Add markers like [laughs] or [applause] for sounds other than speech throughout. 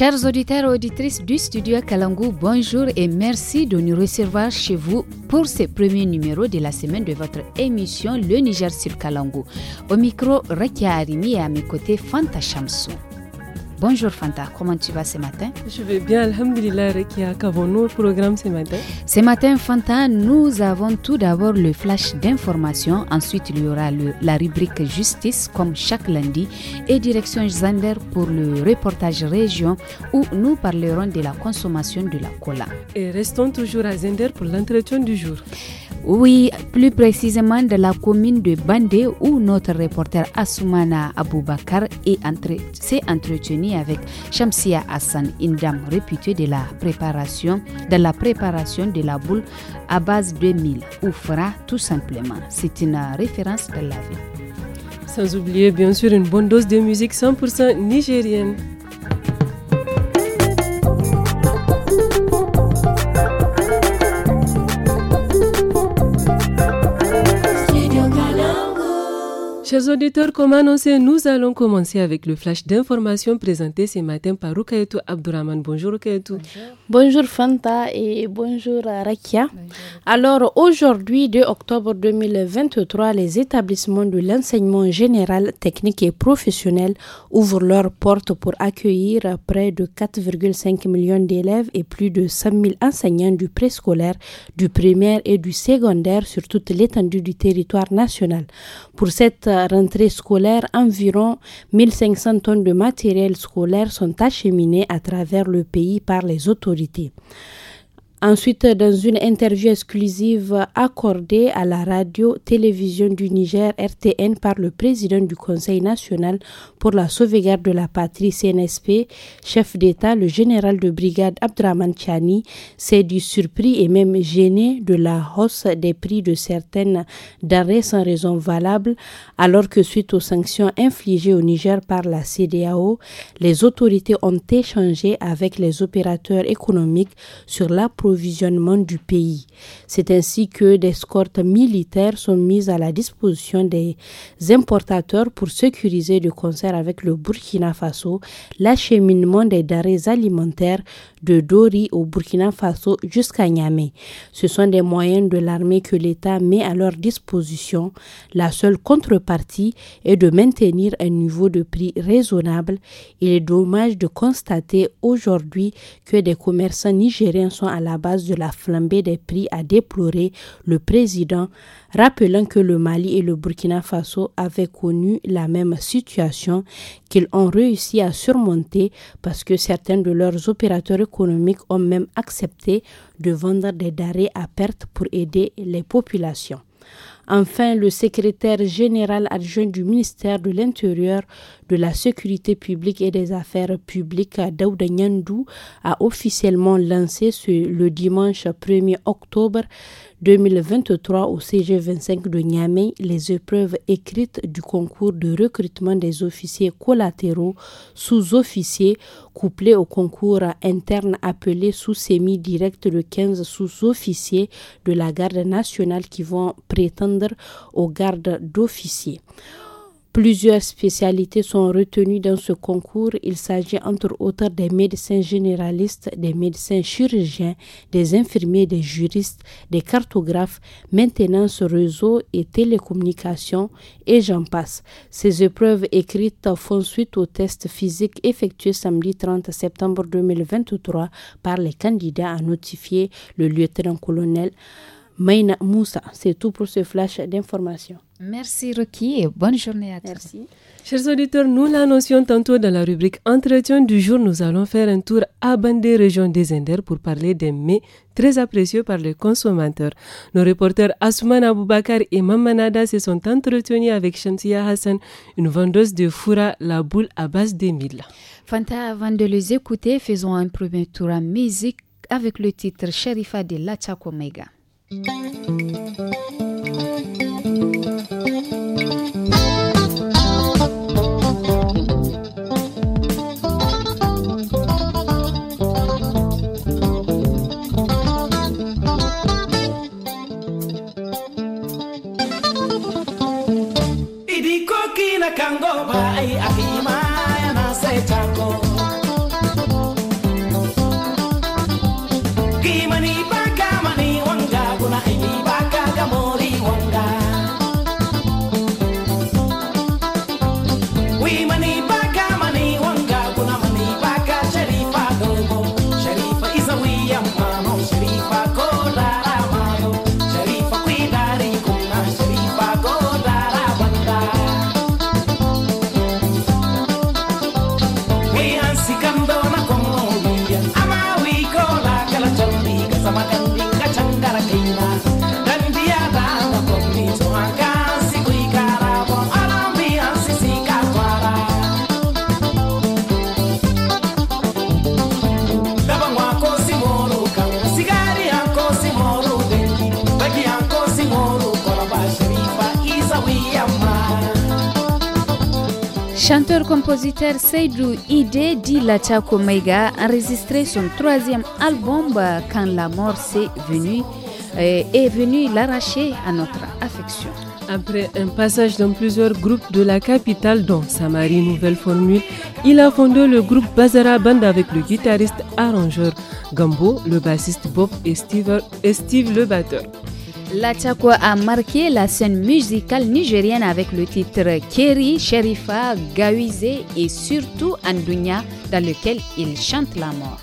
Chers auditeurs et auditrices du studio Kalangu, bonjour et merci de nous recevoir chez vous pour ce premier numéro de la semaine de votre émission Le Niger sur Kalangu. Au micro, Rekia Arimi et à mes côtés, Fanta Shamsou. Bonjour Fanta, comment tu vas ce matin Je vais bien, Alhamdulillah, Qu'avons-nous au programme ce matin Ce matin, Fanta, nous avons tout d'abord le flash d'information. Ensuite, il y aura la rubrique justice, comme chaque lundi, et direction Zander pour le reportage région, où nous parlerons de la consommation de la cola. Et restons toujours à Zender pour l'entretien du jour. Oui, plus précisément de la commune de Bandé, où notre reporter Assoumana Aboubakar s'est entretenu avec Shamsia Hassan Indam, réputée de la préparation, de la préparation de la boule à base de mille, ou fera tout simplement. C'est une référence de la vie. Sans oublier bien sûr une bonne dose de musique 100% nigérienne. Chers auditeurs, comme annoncé, nous allons commencer avec le flash d'information présenté ce matin par Rukayetou Abdurrahman. Bonjour Rukayetou. Bonjour. Fanta et bonjour euh, Rakia. Alors aujourd'hui, 2 octobre 2023, les établissements de l'enseignement général, technique et professionnel ouvrent leurs portes pour accueillir près de 4,5 millions d'élèves et plus de 5 000 enseignants du préscolaire, du primaire et du secondaire sur toute l'étendue du territoire national. Pour cette rentrée scolaire, environ 1500 tonnes de matériel scolaire sont acheminées à travers le pays par les autorités. Ensuite, dans une interview exclusive accordée à la radio-télévision du Niger RTN par le président du Conseil national pour la sauvegarde de la patrie CNSP, chef d'État, le général de brigade Abdraman Chani, s'est dit surpris et même gêné de la hausse des prix de certaines denrées sans raison valable, alors que suite aux sanctions infligées au Niger par la CDAO, les autorités ont échangé avec les opérateurs économiques sur la du pays. C'est ainsi que des escortes militaires sont mises à la disposition des importateurs pour sécuriser le concert avec le Burkina Faso l'acheminement des denrées alimentaires de Dori au Burkina Faso jusqu'à Niamey. Ce sont des moyens de l'armée que l'État met à leur disposition. La seule contrepartie est de maintenir un niveau de prix raisonnable. Il est dommage de constater aujourd'hui que des commerçants nigériens sont à la base de la flambée des prix a déploré le président, rappelant que le Mali et le Burkina Faso avaient connu la même situation qu'ils ont réussi à surmonter parce que certains de leurs opérateurs économiques ont même accepté de vendre des darés à perte pour aider les populations. Enfin, le secrétaire général adjoint du ministère de l'Intérieur, de la Sécurité publique et des Affaires publiques, Daouda a officiellement lancé ce, le dimanche 1er octobre 2023 au CG25 de Niamey les épreuves écrites du concours de recrutement des officiers collatéraux sous-officiers couplés au concours interne appelé sous semi direct de 15 sous-officiers de la garde nationale qui vont prétendre aux gardes d'officiers. Plusieurs spécialités sont retenues dans ce concours. Il s'agit entre autres des médecins généralistes, des médecins chirurgiens, des infirmiers, des juristes, des cartographes, maintenance réseau et télécommunications, et j'en passe. Ces épreuves écrites font suite aux tests physiques effectués samedi 30 septembre 2023 par les candidats à notifier le lieutenant-colonel Maina Moussa. C'est tout pour ce flash d'information. Merci Rocky et bonne journée à tous. Merci. Chers auditeurs, nous l'annoncions tantôt dans la rubrique Entretien du jour. Nous allons faire un tour à bande région des Indes pour parler des mets très appréciés par les consommateurs. Nos reporters Asuman Aboubakar et Mamanada se sont entretenus avec Shantia Hassan, une vendeuse de foura la boule à base mille. Fanta, avant de les écouter, faisons un premier tour à musique avec le titre Sherifa de Lacha Omega. Bye. compositeur Seydou Ide dit la a enregistré son troisième album quand la mort s'est venue et euh, est venu l'arracher à notre affection. Après un passage dans plusieurs groupes de la capitale, dont Samarie Nouvelle Formule, il a fondé le groupe Bazara Band avec le guitariste arrangeur Gambo, le bassiste Bob et Steve, et Steve le batteur. La a marqué la scène musicale nigérienne avec le titre Keri, Sherifa, Gawize et surtout Andunya dans lequel il chante la mort.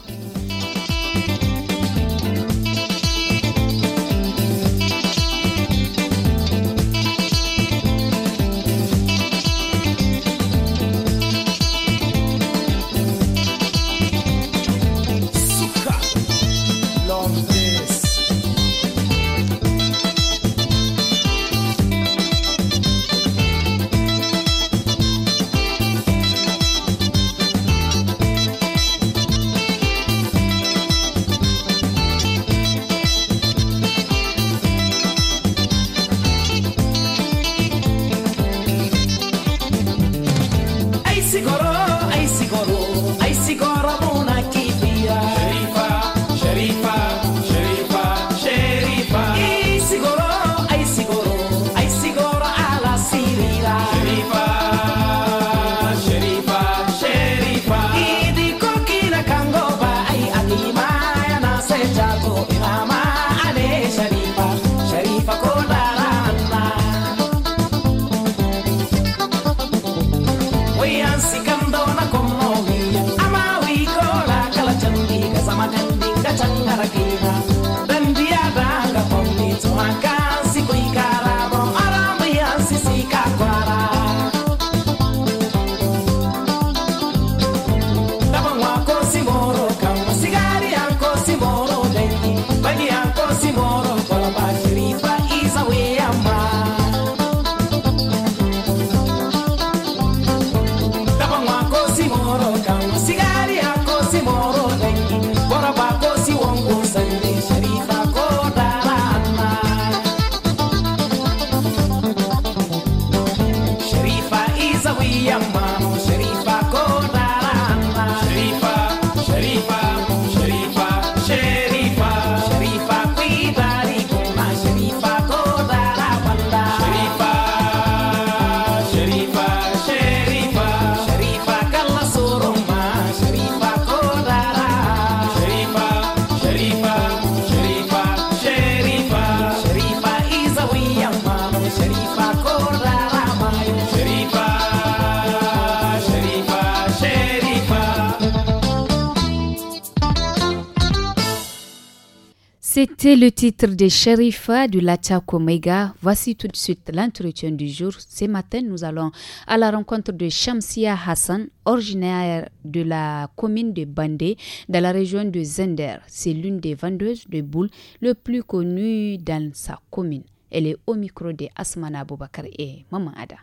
C'était le titre de Sherifa du Lacha Omega. Voici tout de suite l'entretien du jour. Ce matin, nous allons à la rencontre de Shamsia Hassan, originaire de la commune de Bandé, dans la région de Zender. C'est l'une des vendeuses de boules le plus connue dans sa commune. Elle est au micro de Asmana Bobakar et Maman Ada.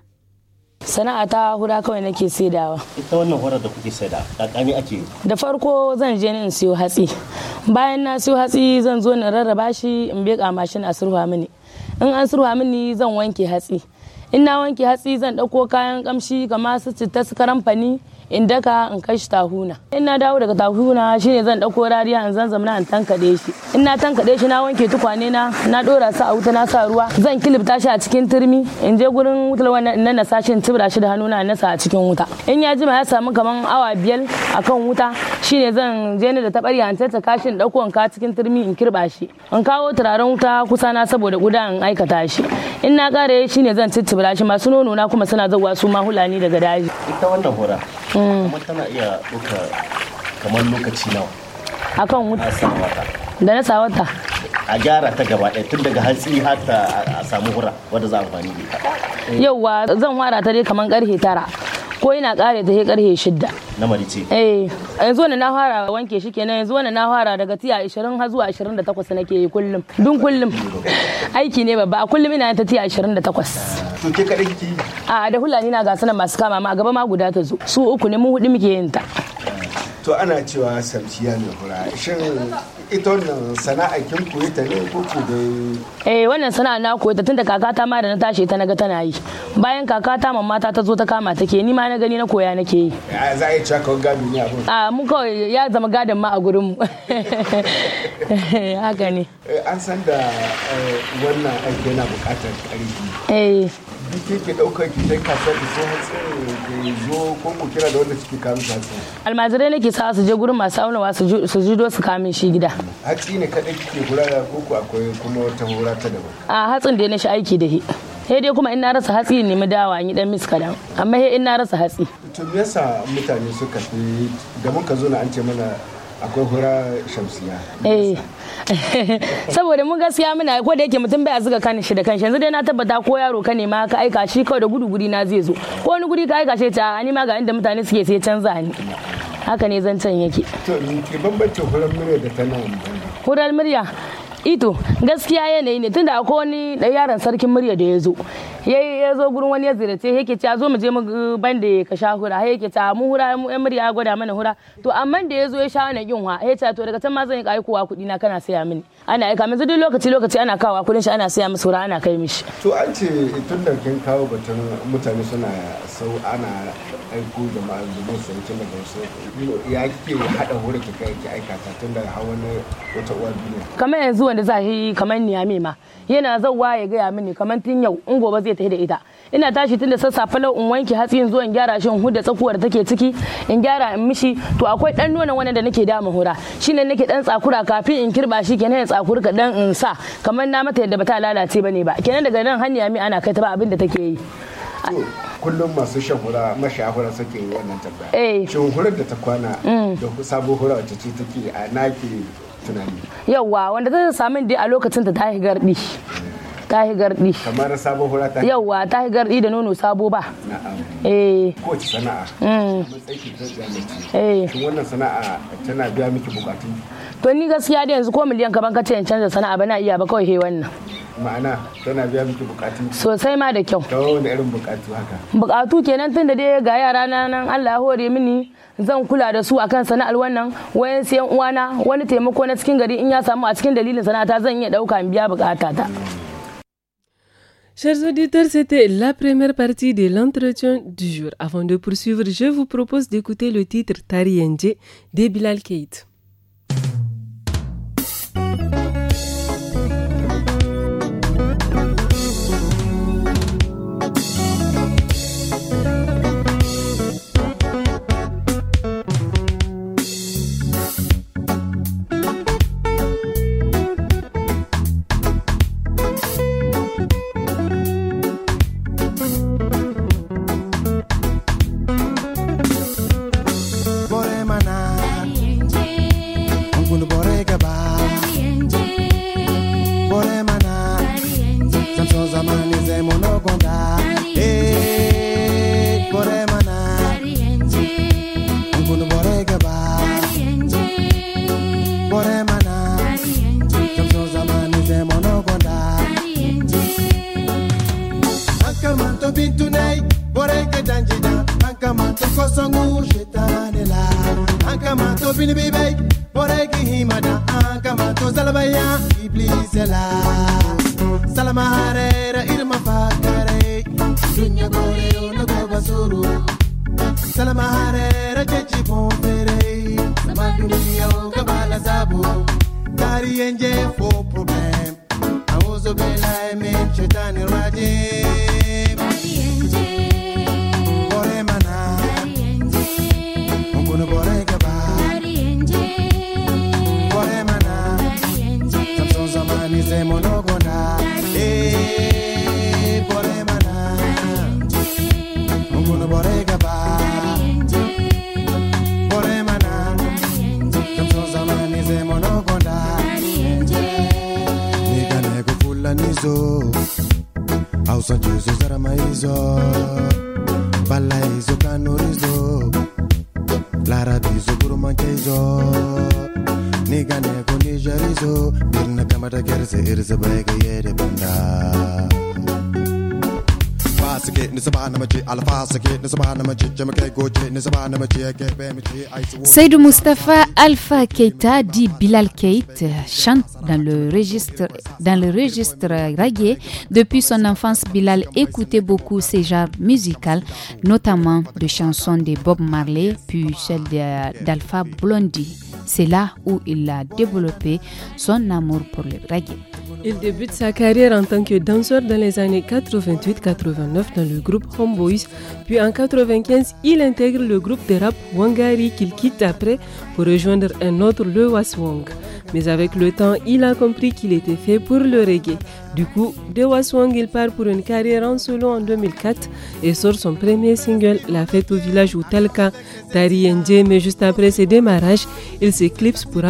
sana'a ta huda kawai nake saidawa ita wannan horar da kuke saida kakami ake da farko zan je in siyo hatsi bayan na siyo hatsi zan zo na rarraba shi in beka mashin a surwa mini in an surwa mini zan wanke hatsi in na wanke hatsi zan ɗauko kayan kamshi kamar su citta su karamfani in daka in kai shi tahuna in na dawo daga tahuna shine zan dauko rariya in zan zamna in tankade shi in na tankade shi na wanke tukwane na na dora su a wuta na sa ruwa zan kilifta shi a cikin turmi in je gurin wutar wannan na shi in tibra shi da hannuna na nasa a cikin wuta in ya jima ya samu kaman awa biyar a kan wuta shine zan je ni da tabarya in tattaka shi in dauko in ka cikin turmi in kirba shi in kawo turaren wuta kusa na saboda guda in aikata shi in na kare shine zan cittibira shi masu nono na kuma suna zuwa su ma hulani daga daji ita wannan hura Mm. kuma tana iya ɗauka kamar lokaci nawa kan wuta da na sawata a gyara ta gaba ɗaya tun daga hatsi har ta a samu hura wadda za a amfani da ita yauwa zan wara ta dai kamar karfe tara ko ina kare ta karhe shidda na marice eh yanzu na fara wanke shi kenan yanzu na fara daga tiya 20 har zuwa 28 nake yi kullum dun kullum aiki ne babba a kullum ina ta tiya 28 to ke kadai kike a da hulani na ga sanan masu kama ma a gaba ma guda ta zo su uku ne mu hudu muke yin ta to ana cewa samsiya ne hura shin ita wannan sana'a kin koyi ta ne ko ku da eh wannan sana'a na koyi ta tunda kakata ma da na tashi ta naga tana yi bayan kakata mamma ta tazo ta kama take ni ma na gani na koya nake yi za a yi cewa kawai gado ne abun a mun ah, kawai ya zama gadon ma a gurin mu [laughs] haka ne eh, an san da eh, wannan aiki yana buƙatar ƙarfi eh duk ke daukar ki dai kasuwa ki so zo ko kira da wanda suke kamun hatsi almajirai nake sa su je gurin masu aunawa su jido su kamin shi gida hatsi ne kadai kike gurara ko ku akwai kuma wata hura ta daban a hatsin da na shi aiki da shi He dai kuma in na rasa hatsi ne mu dawa ni yi dan miska amma he in na rasa hatsi to me yasa mutane suka fi da mun ka zo na an ce mana akwai hura shamsiya eh [laughs] saboda mun gaskiya muna ko da yake mutum bai azuga kan shi da kanshi yanzu dai na tabbata ko yaro ka ne ma ka aika shi kawai da gudu guri na zai zo ko wani guri ka aika shi ta ni ma ga inda mutane suke sai canza ni haka ne can yake to ki bambance hurar murya da ta nan hurar murya ito gaskiya yanayi ne tunda akwai wani yaron sarkin murya da ya zo ya zo gurin wani ya zirace yake ce zo mu je mu uh, bande ka sha hura yake ta mu hura mu yan murya gwada mana hura to amma da ya zo ya sha wannan yin wa ya ce to daga can ma zan yi aikowa kuɗi na kana saya mini ana aika min duk lokaci lokaci ana kawo kuɗin shi ana saya musu hura ana kai mishi to an ce tun da kin kawo batun mutane suna sau ana aiko jama'a domin su yanke daga wasu ya ke haɗa hura ki kai ki aika ta tun da hawan wata uwar duniya kamar yanzu wanda za yi kamar niyame ma yana zauwa ya gaya mini kamar tun yau in gobe zai nake ta da ita ina tashi tun sassafe lau in wanke hatsi in zo in gyara shi in huda tsakuwar take ciki in gyara in mishi to akwai dan nonon wani da nake da hura shine nake dan tsakura kafin in kirba shi kenan ya tsakurka dan in sa kamar na mata yadda ba ta lalace bane ba kenan daga nan hanya mi ana kai ta ba abin da take yi kullum masu shan hura mashahura suke yi wannan tambaya eh. shin hurar da ta kwana mm. da sabon hura wacce ce take a naki tunani yawwa wanda ta samu dai a lokacin ta ta garbi eh. ta yi gardi kamar sabon hura ta yawa ta yi gardi da nono sabo ba eh Coach sana'a mm. matsayi eh wannan sana'a tana biya miki bukatu to ni gaskiya da yanzu ko miliyan kaman kace in canza sana'a ba na iya ba kawai he wannan ma'ana tana biya miki bukatu sosai ma da kyau to wani irin bukatu haka bukatu kenan tun da dai ga yara na nan Allah ya hore mini zan kula da su akan sana'ar wannan wayan siyan uwana wani taimako na cikin gari in ya samu a cikin dalilin sana'ata zan iya dauka in biya bukatata. ta mm. Chers auditeurs, c'était la première partie de l'entretien du jour. Avant de poursuivre, je vous propose d'écouter le titre Tarienje de Bilal Keït. irma fakare sunya gore ono go basuru salama hare raje ji bombere sama dunia o kabala sabu dari enje fo problem awozo bela me chetani rajin Usanju zozara maizo Bala izo kanorizo dizo guru mancheizo Niga neko nijarizo Birna kamata gerze irze baga yere bunda C'est Mustafa Alpha Keita dit Bilal Keita chante dans le registre dans le registre reggae depuis son enfance Bilal écoutait beaucoup ces genres musicaux notamment de chansons de Bob Marley puis celles d'Alpha Blondie c'est là où il a développé son amour pour le reggae. Il débute sa carrière en tant que danseur dans les années 88-89 dans le groupe Homeboys, puis en 95, il intègre le groupe de rap Wangari qu'il quitte après pour rejoindre un autre, le Waswang. Mais avec le temps, il a compris qu'il était fait pour le reggae. Du coup, Dewa il part pour une carrière en solo en 2004 et sort son premier single, La fête au village ou Talca. Tari mais juste après ses démarrages, il s'éclipse pour,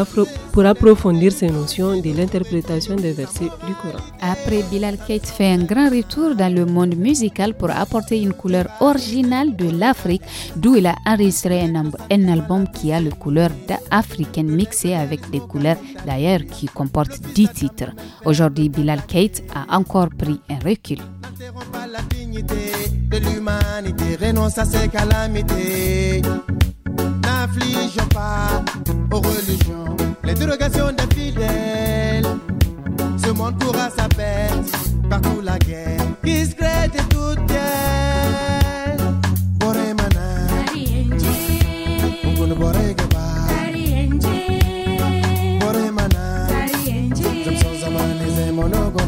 approfondir ses notions de l'interprétation des versets du Coran. Après, Bilal Kate fait un grand retour dans le monde musical pour apporter une couleur originale de l'Afrique, d'où il a enregistré un, album qui a le couleur africaine mixée avec des couleurs d'ailleurs qui comporte 10 titres. Aujourd'hui, Bilal Kate a encore pris un recul. N'interromps la dignité de l'humanité, renonce à ses calamités. N'affligeons pas aux religions les dérogations des fidèles. Ce monde pourra sa partout la guerre, discrète et toute guerre. Boremana, Ungun Boregaba, Boremana, Zemson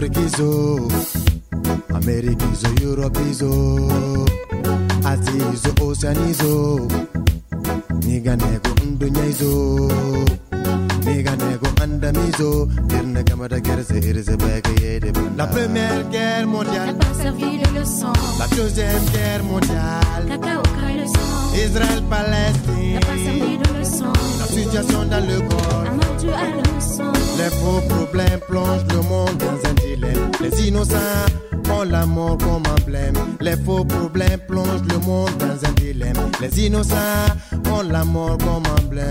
Afrikizo, Amerikizo, Europezo, Azizo, Oceanizo, Niganego nego Niganego andamizo, Dirne kamada gerze irze bege yede La première guerre mondiale, n'a pas servi de leçon. La deuxième guerre mondiale, cacao le sang. Israël-Palestine, n'a pas servi de leçon. La situation dans le corps, à Les faux problèmes plongent le monde dans un Les innocents ont la mort comme emblème. Les faux problèmes plongent le monde dans un dilemme. Les innocents ont la mort comme emblème.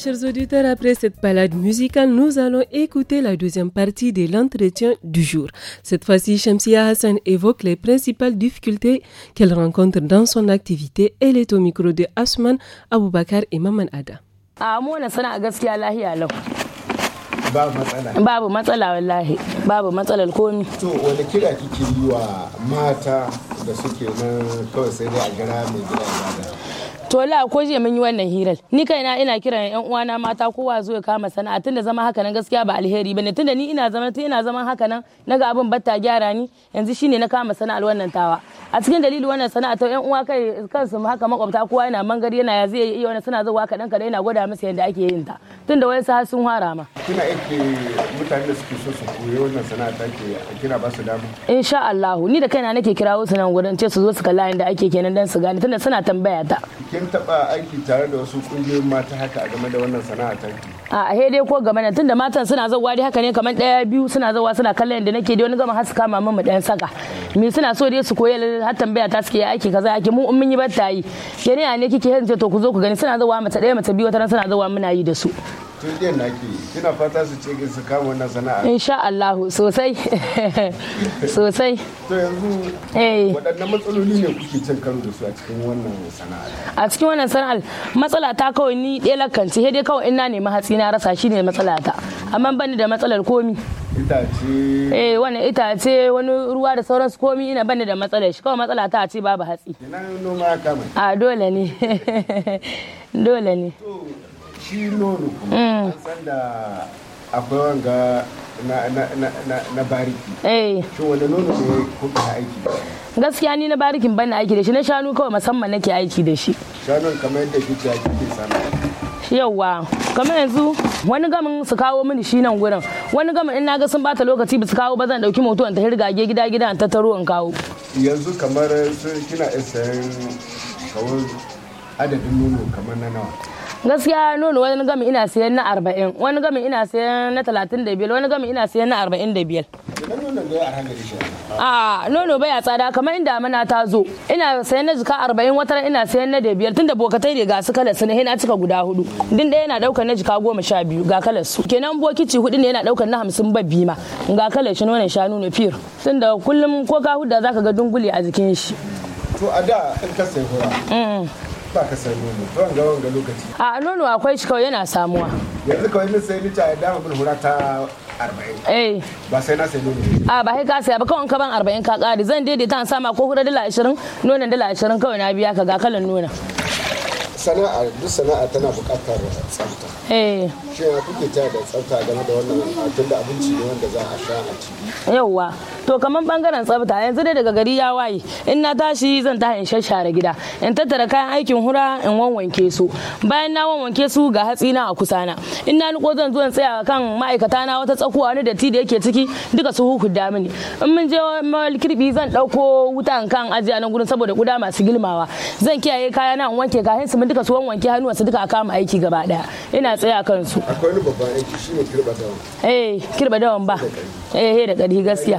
chers auditeurs, après cette balade musicale, nous allons écouter la deuxième partie de l'entretien du jour. Cette fois-ci, Shamsia Hassan évoque les principales difficultés qu'elle rencontre dans son activité. Elle est au micro de Asman Aboubakar et Maman Ada. Ah, to la ko jiya mun yi wannan hirar ni kaina ina kiran yan uwana mata kowa zo ya kama sana'a tunda zama haka nan gaskiya ba alheri bane tunda ni ina zama tun ina zaman haka nan naga abin batta gyara ni yanzu shine na kama sana'ar wannan tawa a cikin dalili wannan sana'a ta yan uwa kai kansu haka makwabta kowa yana mangari yana ya zai iya wani suna zuwa kadan kadan yana gwada musu yadda ake yin ta tunda wani sa sun hara ma kina yake mutane da suke so su koyi wannan sana'a ta ke kira ba su dama insha Allah ni da kaina nake kirawo su nan gurin ce su zo su kalla yadda ake kenan dan su gane tunda suna tambaya ta kin taba aiki tare da wasu kungiyoyin mata haka game da wannan sana'a ta a a dai ko game da tunda matan suna zawa dai haka ne kamar daya biyu suna zawa suna kallon yadda nake dai wani zama har su kama dan saka me suna so dai su koyi har tambaya ta suke aiki kaza ake mu in mun yi batta yi ke ne ne kike yanzu to ku zo ku gani suna zawa mace daya mace biyu wata suna zawa muna yi da su tun ɗin kina fata su ce su kama wannan sana'a insha Allah sosai [laughs] sosai to yanzu eh. matsaloli ne kuke cin karo da su a cikin wannan sana'a a cikin wannan sana'ar matsala ta kawai ni ɗaya lakanci sai dai kawai ina nemi hatsi na rasa shine matsala ta amma bani da matsalar komi itace eh wani itace wani ruwa da sauransu komi ina bani da matsala shi kawai matsala ta ce babu hatsi a dole ne [laughs] dole ne shi nono mm. an san da akwai wanga na bariki shi eh. wanda nono ne kuka aiki gaskiya ni na barikin ban aiki da shi na shanu kawai musamman nake aiki da shi shanun kamar yadda kike aiki ke sana yauwa kamar yanzu wani gamin su kawo mini shi nan gurin wani gamin in naga sun bata lokaci ba su kawo ba zan dauki moto ta hirgage gida gida ta taro in kawo yanzu kamar kina isayen kawai adadin nono kamar na nawa gaskiya nono wani gami ina sayan na arba'in wani gami ina sayan na talatin da biyar wani gami ina sayan na arba'in da biyar a nono baya tsada kamar inda mana ta zo ina sayan na jika arba'in wata ina sayan na da biyar tunda bokatai ne ga su kalar su na cika guda hudu din ɗaya yana daukar na jika goma sha biyu ga kalar su kenan bokici hudu ne yana daukar na hamsin babbi ma ga kalar shi nonon shanu ne fir tunda kullum ko ka huda zaka ga dungule a jikin shi to a da in ka sayi ba ka nono to ga lokaci a nono akwai shi kawai yana samuwa yanzu kawai sai ni ta da mun hura ta 40 eh ba sai na sai nono a ba sai ka sai ba kawai ka ban 40 ka kare zan daidaita an sama ko hura dala 20 nonon dala 20 kawai na biya ka ga kalan nonon duk sana'a tana buƙatar tsafta. Eh. Shi kuke ta da tsafta game da wannan abinci ne wanda za a sha a ciki. to kamar bangaren tsafta yanzu dai daga gari ya waye in na tashi zan ta in shashare gida in tattara kayan aikin hura in wanwanke su bayan na wanwanke su ga hatsi na a kusa na in na niko zan zo in tsaya kan ma'aikata na wata tsakuwa na datti da yake ciki duka su hukunta mini in mun je kirbi zan dauko wutan kan ajiya na gurin saboda guda masu gilmawa zan kiyaye kaya na in wanke kayan su mun duka su wanwanke hannuwa su duka a kama aiki gaba daya ina tsaya kan su akwai babban aiki shine kirba dawan eh kirba dawan ba eh da kadi gaskiya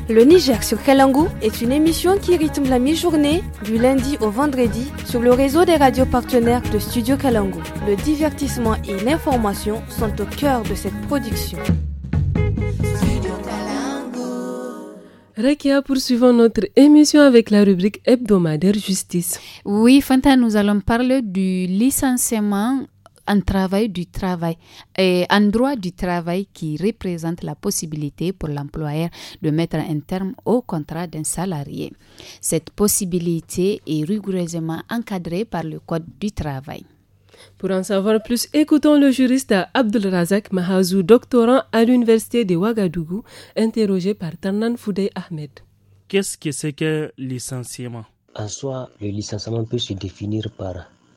Le Niger sur Kalangu est une émission qui rythme la mi-journée du lundi au vendredi sur le réseau des radios partenaires de Studio Kalangu. Le divertissement et l'information sont au cœur de cette production. Rekia, poursuivons notre émission avec la rubrique hebdomadaire justice. Oui, Fanta, nous allons parler du licenciement un travail du travail, et droit du travail qui représente la possibilité pour l'employeur de mettre un terme au contrat d'un salarié. Cette possibilité est rigoureusement encadrée par le Code du travail. Pour en savoir plus, écoutons le juriste Abdul Razak Mahazou, doctorant à l'université de Ouagadougou, interrogé par Tarnan Foudey Ahmed. Qu'est-ce que c'est que licenciement En soi, le licenciement peut se définir par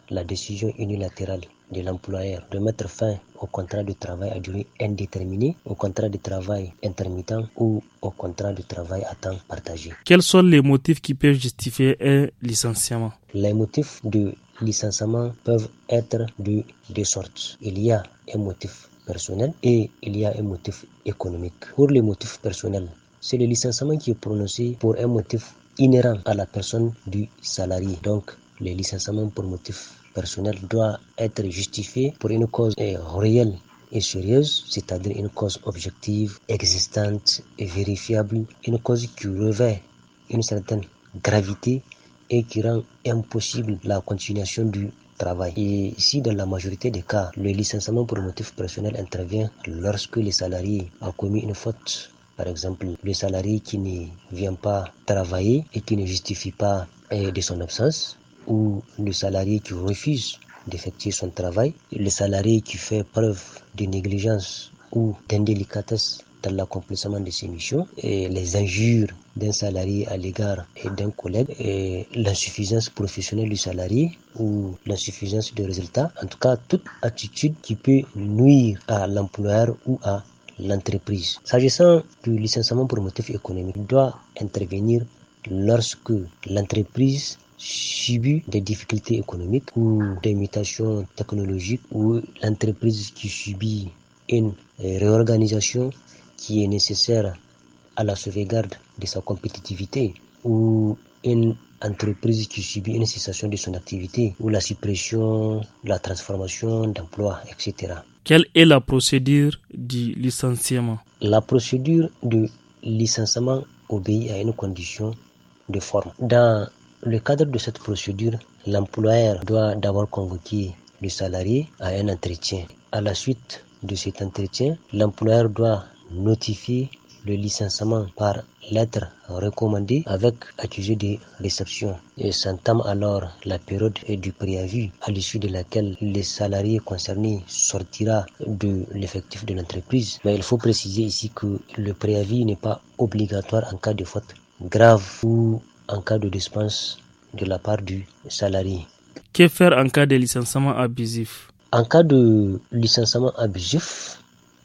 la décision unilatérale de l'employeur de mettre fin au contrat de travail à durée indéterminée, au contrat de travail intermittent ou au contrat de travail à temps partagé. Quels sont les motifs qui peuvent justifier un licenciement Les motifs de licenciement peuvent être de deux sortes. Il y a un motif personnel et il y a un motif économique. Pour les motifs personnels, c'est le licenciement qui est prononcé pour un motif inhérent à la personne du salarié. Donc, le licenciement pour motif personnel doit être justifié pour une cause réelle et sérieuse, c'est-à-dire une cause objective, existante et vérifiable, une cause qui revêt une certaine gravité et qui rend impossible la continuation du travail. Et si dans la majorité des cas, le licenciement pour motif personnel intervient lorsque le salarié a commis une faute, par exemple le salarié qui ne vient pas travailler et qui ne justifie pas euh, de son absence, ou le salarié qui refuse d'effectuer son travail, le salarié qui fait preuve de négligence ou d'indélicatesse dans l'accomplissement de ses missions, et les injures d'un salarié à l'égard d'un collègue, et l'insuffisance professionnelle du salarié ou l'insuffisance de résultats, en tout cas toute attitude qui peut nuire à l'employeur ou à l'entreprise. S'agissant du licenciement pour motif économique, il doit intervenir lorsque l'entreprise subi des difficultés économiques ou des mutations technologiques ou l'entreprise qui subit une euh, réorganisation qui est nécessaire à la sauvegarde de sa compétitivité ou une entreprise qui subit une cessation de son activité ou la suppression, la transformation d'emplois, etc. Quelle est la procédure du licenciement La procédure de licenciement obéit à une condition de forme. Dans le cadre de cette procédure, l'employeur doit d'abord convoquer le salarié à un entretien. À la suite de cet entretien, l'employeur doit notifier le licenciement par lettre recommandée avec accusé de réception. Et s'entame alors la période du préavis à l'issue de laquelle le salarié concerné sortira de l'effectif de l'entreprise. Mais il faut préciser ici que le préavis n'est pas obligatoire en cas de faute grave ou en cas de dispense de la part du salarié. Que faire en cas de licenciement abusif En cas de licenciement abusif,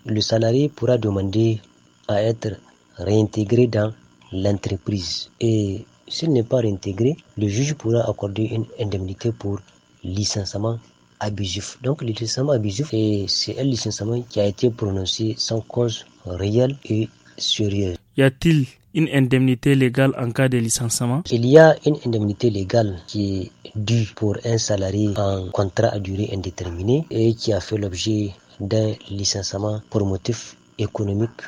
le salarié pourra demander à être réintégré dans l'entreprise. Et s'il n'est pas réintégré, le juge pourra accorder une indemnité pour licenciement abusif. Donc, le licenciement abusif, c'est un licenciement qui a été prononcé sans cause réelle et sérieuse. Y a-t-il une indemnité légale en cas de licenciement Il y a une indemnité légale qui est due pour un salarié en contrat à durée indéterminée et qui a fait l'objet d'un licenciement pour motif économique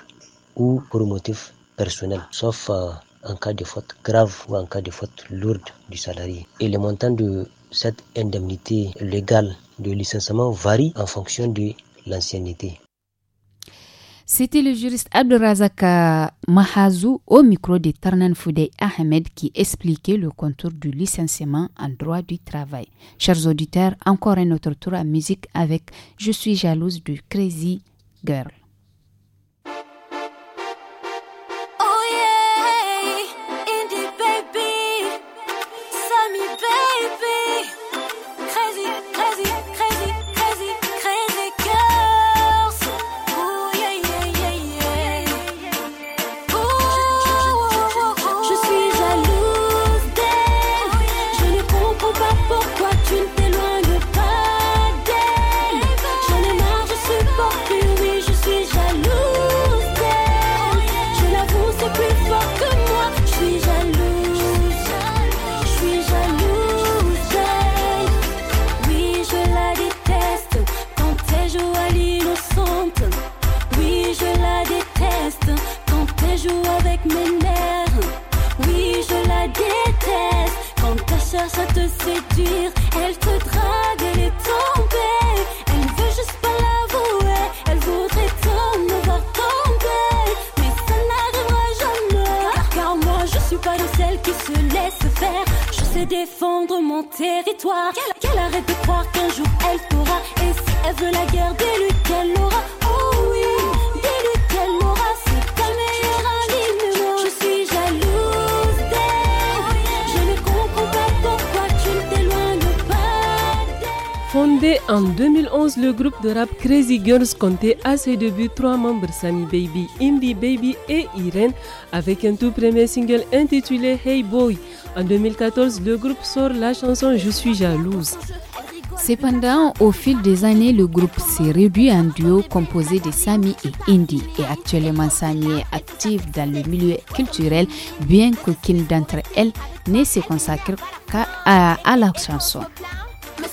ou pour motif personnel, sauf euh, en cas de faute grave ou en cas de faute lourde du salarié. Et le montant de cette indemnité légale de licenciement varie en fonction de l'ancienneté. C'était le juriste Abdelrazak euh, Mahazou au micro de Tarnan Foude Ahmed qui expliquait le contour du licenciement en droit du travail. Chers auditeurs, encore un autre tour à musique avec Je suis jalouse du Crazy Girl. de rap Crazy Girls comptait à ses débuts trois membres Sammy Baby, Indie Baby et Irene avec un tout premier single intitulé Hey Boy. En 2014, le groupe sort la chanson Je suis jalouse. Cependant, au fil des années, le groupe s'est réduit en duo composé de Sami et Indy. Et actuellement, Sami est active dans le milieu culturel, bien que qu'aucune d'entre elles ne se consacre qu'à la chanson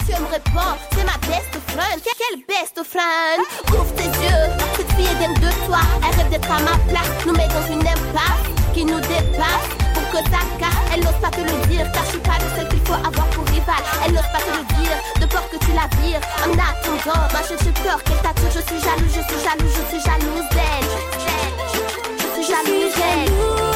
tu me réponds, C'est ma best friend, quelle best friend. Ouvre tes yeux, cette fille est dingue de toi. Elle rêve d'être à ma place, nous met dans une impasse qui nous dépasse. Pour que ta casse, elle n'ose pas te le dire. Car je suis pas de qu'il faut avoir pour rival. Elle n'ose pas te le dire, de peur que tu la vires. En attendant, ma suis je peur qu'elle t'attire. Je suis jaloux, je suis jaloux, je suis jalouse d'elle. Je suis jalouse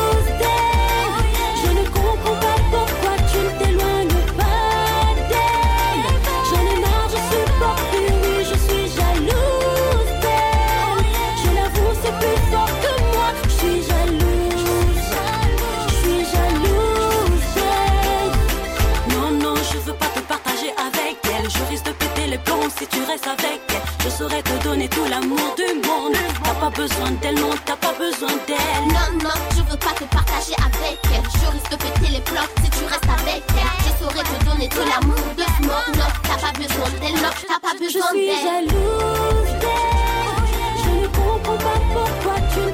si tu restes avec elle. Je saurais te donner tout l'amour du monde. T'as pas besoin d'elle, non, t'as pas besoin d'elle. Non, non, je veux pas te partager avec elle. Je risque de péter les blocs si tu restes avec elle. Je saurais te donner tout l'amour du monde. Non, t'as pas besoin d'elle, non, t'as pas besoin d'elle. Je suis jalouse d'elle. Je ne comprends pas pourquoi tu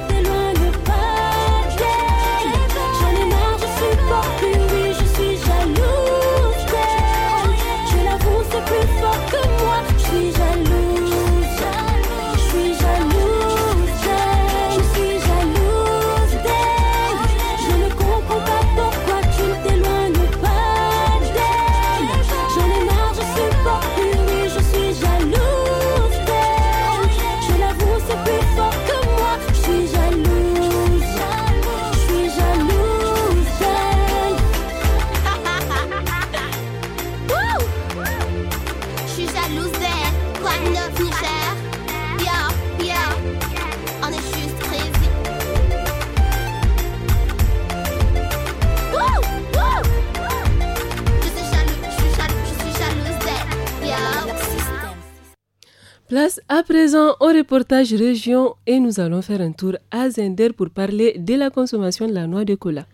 à présent au reportage région et nous allons faire un tour à Zender pour parler de la consommation de la noix de cola.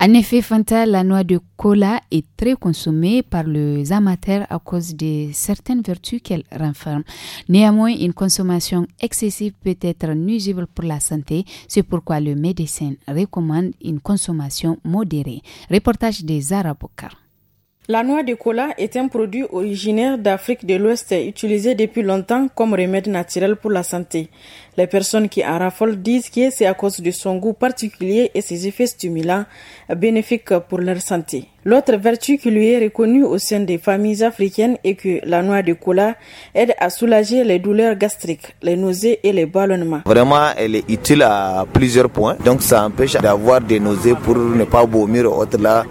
En effet, Fanta, la noix de cola est très consommée par les amateurs à cause de certaines vertus qu'elle renferme. Néanmoins, une consommation excessive peut être nuisible pour la santé. C'est pourquoi le médecin recommande une consommation modérée. Reportage des Arabes la noix de cola est un produit originaire d'Afrique de l'Ouest utilisé depuis longtemps comme remède naturel pour la santé. Les personnes qui en raffolent disent que c'est à cause de son goût particulier et ses effets stimulants bénéfiques pour leur santé. L'autre vertu qui lui est reconnue au sein des familles africaines est que la noix de cola aide à soulager les douleurs gastriques, les nausées et les ballonnements. Vraiment, elle est utile à plusieurs points, donc ça empêche d'avoir des nausées pour ne pas vomir au-delà.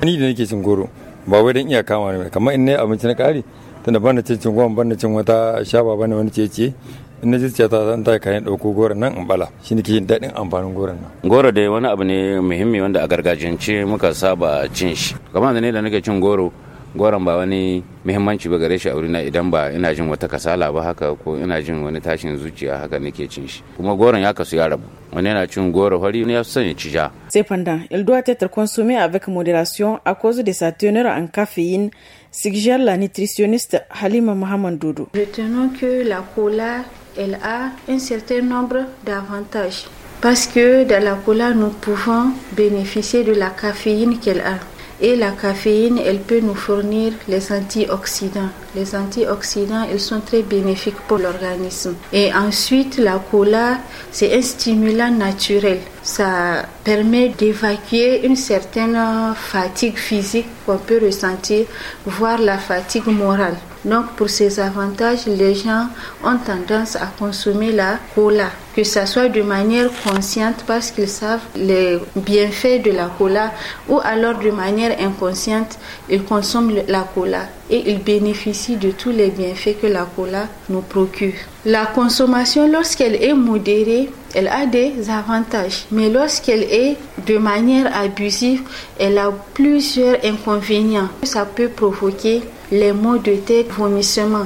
ba wai don iya kama ne kamar in ne abinci na kari tunda ban da cin goma ban da cin wata shaba ban da wani ciye-ciye in na zuciya ta zan ta kayan ɗauko goron nan in bala shi ne ke yin daɗin amfanin goron nan. goro dai wani abu ne muhimmi wanda a gargajiyance muka saba cin shi kamar da ne da nake cin goro goron ba wani muhimmanci ba gare shi a wurina idan ba ina jin wata kasala ba haka ko ina jin wani tashin zuciya haka nake cin shi kuma goron ya kasu ya rabu wani yana cin goro fari ne ya son ya ci ja cependant il doit être consommé avec modération à cause de sa teneur en caféine suggère la nutritionniste Halima Mohamed Dodo retenons que la cola elle a un certain nombre d'avantages parce que dans la cola nous pouvons bénéficier de la caféine qu'elle a et la caféine, elle peut nous fournir les antioxydants. Les antioxydants, ils sont très bénéfiques pour l'organisme. Et ensuite, la cola, c'est un stimulant naturel. Ça permet d'évacuer une certaine fatigue physique qu'on peut ressentir, voire la fatigue morale. Donc, pour ces avantages, les gens ont tendance à consommer la cola que ça soit de manière consciente parce qu'ils savent les bienfaits de la cola ou alors de manière inconsciente, ils consomment la cola et ils bénéficient de tous les bienfaits que la cola nous procure. La consommation, lorsqu'elle est modérée, elle a des avantages, mais lorsqu'elle est de manière abusive, elle a plusieurs inconvénients. Ça peut provoquer les maux de tête, vomissements.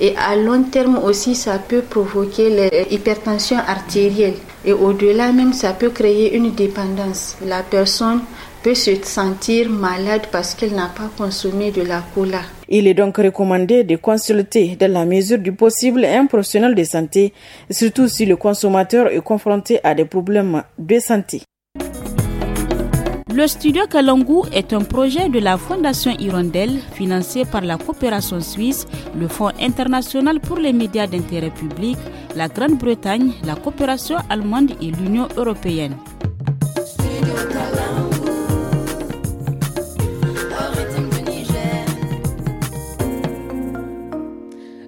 Et à long terme aussi, ça peut provoquer l'hypertension artérielle. Et au-delà même, ça peut créer une dépendance. La personne peut se sentir malade parce qu'elle n'a pas consommé de la cola. Il est donc recommandé de consulter dans la mesure du possible un professionnel de santé, surtout si le consommateur est confronté à des problèmes de santé. Le studio Kalangu est un projet de la Fondation Hirondelle financé par la coopération suisse, le Fonds international pour les médias d'intérêt public, la Grande-Bretagne, la coopération allemande et l'Union européenne.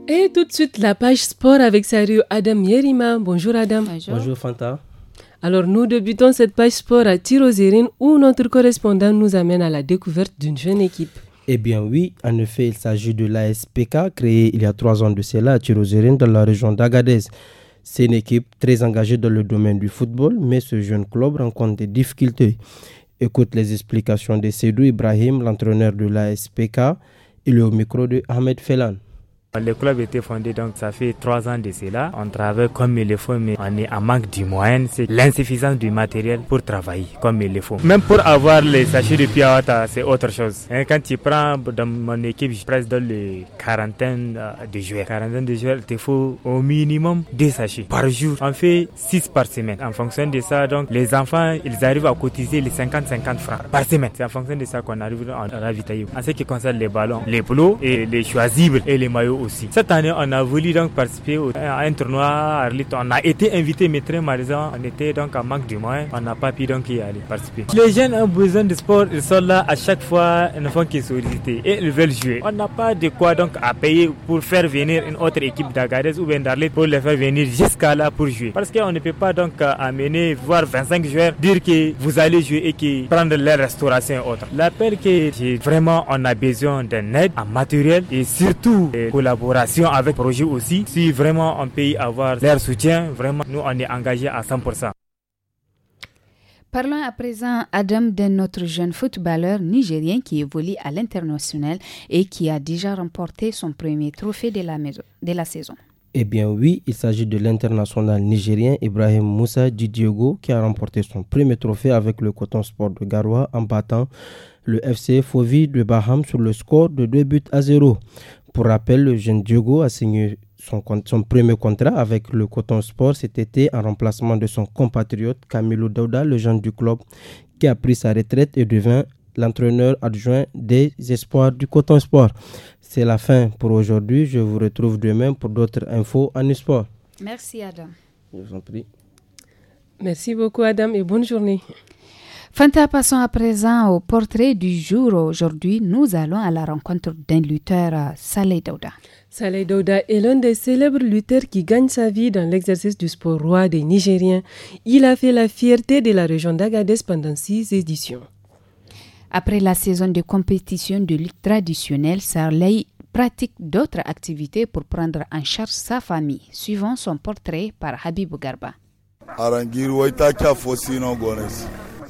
Et tout de suite, la page sport avec Sario Adam Yerima. Bonjour Adam. Bonjour Fanta. Alors nous débutons cette page sport à Tirozérine où notre correspondant nous amène à la découverte d'une jeune équipe. Eh bien oui, en effet, il s'agit de l'ASPK créée il y a trois ans de cela à Tirozérine dans la région d'Agadez. C'est une équipe très engagée dans le domaine du football, mais ce jeune club rencontre des difficultés. Écoute les explications de Sedou Ibrahim, l'entraîneur de l'ASPK. Il est au micro de Ahmed Felan. Euh, le club été fondé donc ça fait trois ans de cela. On travaille comme il le faut, mais on est en manque du moyen. C'est l'insuffisance du matériel pour travailler comme il le faut. Même pour avoir les sachets de piawata, c'est autre chose. Hein, quand tu prends dans mon équipe, je presse dans les quarantaines euh, de joueurs. Quarantaine de joueurs, il te faut au minimum deux sachets par jour. On fait six par semaine. En fonction de ça, donc les enfants, ils arrivent à cotiser les 50-50 francs par semaine. C'est en fonction de ça qu'on arrive à ravitailler. En ce qui concerne les ballons, les plots et les choisibles et les maillots aussi. Cette année, on a voulu donc participer à un tournoi à On a été invité, mais très malheureusement, on était donc à manque de moyens. On n'a pas pu donc y aller participer. Les jeunes ont besoin de sport. Ils sont là à chaque fois, une fois qu'ils sont sollicités et ils veulent jouer. On n'a pas de quoi donc à payer pour faire venir une autre équipe d'Agadez ou bien d'Arlit pour les faire venir jusqu'à là pour jouer. Parce qu'on ne peut pas donc euh, amener, voir 25 joueurs, dire que vous allez jouer et qui prendre leur restauration et autres. L'appel que vraiment on a besoin d'un aide en matériel et surtout euh, pour la collaboration avec Projet aussi. Si vraiment un pays avoir leur soutien, vraiment, nous, on est engagés à 100%. Parlons à présent, Adam, de notre jeune footballeur nigérien qui évolue à l'international et qui a déjà remporté son premier trophée de la, saison. Eh bien oui, il s'agit de l'international nigérien Ibrahim Moussa Didiogo qui a remporté son premier trophée avec le Coton Sport de Garoua en battant le FC Fovi de Baham sur le score de 2 buts à 0. Pour rappel, le jeune Diogo a signé son, premier contrat avec le Coton Sport cet été en remplacement de son compatriote Camilo Dauda, le jeune du club, qui a pris sa retraite et devint l'entraîneur adjoint des espoirs du Coton Sport. C'est la fin pour aujourd'hui. Je vous retrouve demain pour d'autres infos en sport. Merci Adam. Je vous en prie. Merci beaucoup Adam et bonne journée. Fanta, passons à présent au portrait du jour. Aujourd'hui, nous allons à la rencontre d'un lutteur, euh, Saleh Douda. Saleh Douda est l'un des célèbres lutteurs qui gagne sa vie dans l'exercice du sport roi des Nigériens. Il a fait la fierté de la région d'Agadez pendant six éditions. Après la saison de compétition de lutte traditionnelle, Saleh pratique d'autres activités pour prendre en charge sa famille, suivant son portrait par Habib Garba.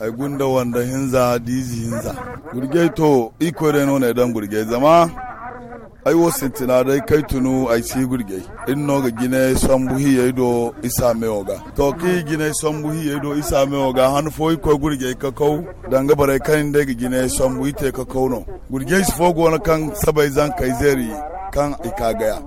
ay gunda wanda hinza dizi hinza gurgai to iko da nuna idan dan zama ai wo sintina dai kai tunu ai si gurgai in no ga gine sambu hi yai do isa oga to ki gine sambu hi yai do isa oga han fo iko gurgai ka kau ga bare kan dai ga gine buhi ite ka kau no su fo go na kan sabai zan kai zeri kan ikagaya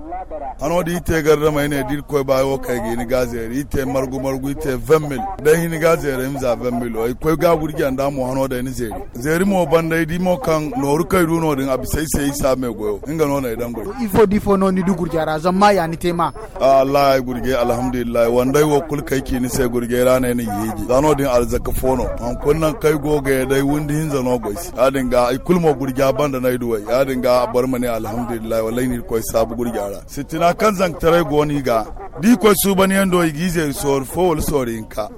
ano di ite garda mai ne dir koy wo kay gini gazer ite margu margu ite 20 mil dan hini gazer imza 20 mil oy koy ga gan da mo hano da ni zeri zeri mo banda di mo kan noru kay runo din abi sai sai sa me goyo inga no na idan goyo ifo di fo no ni du gurgi ara zamma ya ni tema allah gurge alhamdulillah wanda wo kul kay ki ni sai gurgi rana ni yiji zano din arzaka fono an kunnan kai goga dai wundi hin zano goisi adin ga kul mo gurgi banda na idu wai adin ga bar mani alhamdulillah wallahi ni koy sabu gurgi ara sitina kan zang goni ga di ko bani ando igize sor fol sorinka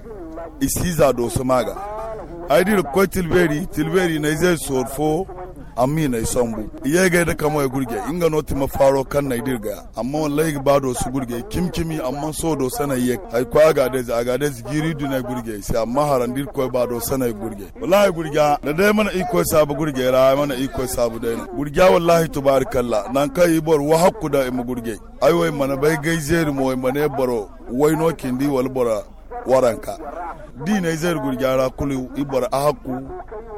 isiza do somaga aidir ko tilberi tilberi na ize sor fo amina isambu yege da kama ya gurge inga noti mafaro kan na idirga amma wallahi ba do su gurge kimkimi amma so do sana yek ai ko aga da za aga da zigiri du na gurge sai amma harandir ko ba do sana gurge wallahi gurge da dai mana iko sabu gurge ra mana iko sabu dai gurge wallahi tubarakallah nan kai bor wa hakku da mu gurge ayiwa wai mana bai gaije mu wai ne baro wai no kindi wal bora waranka dina izar gurgyara kuli ibar ahaku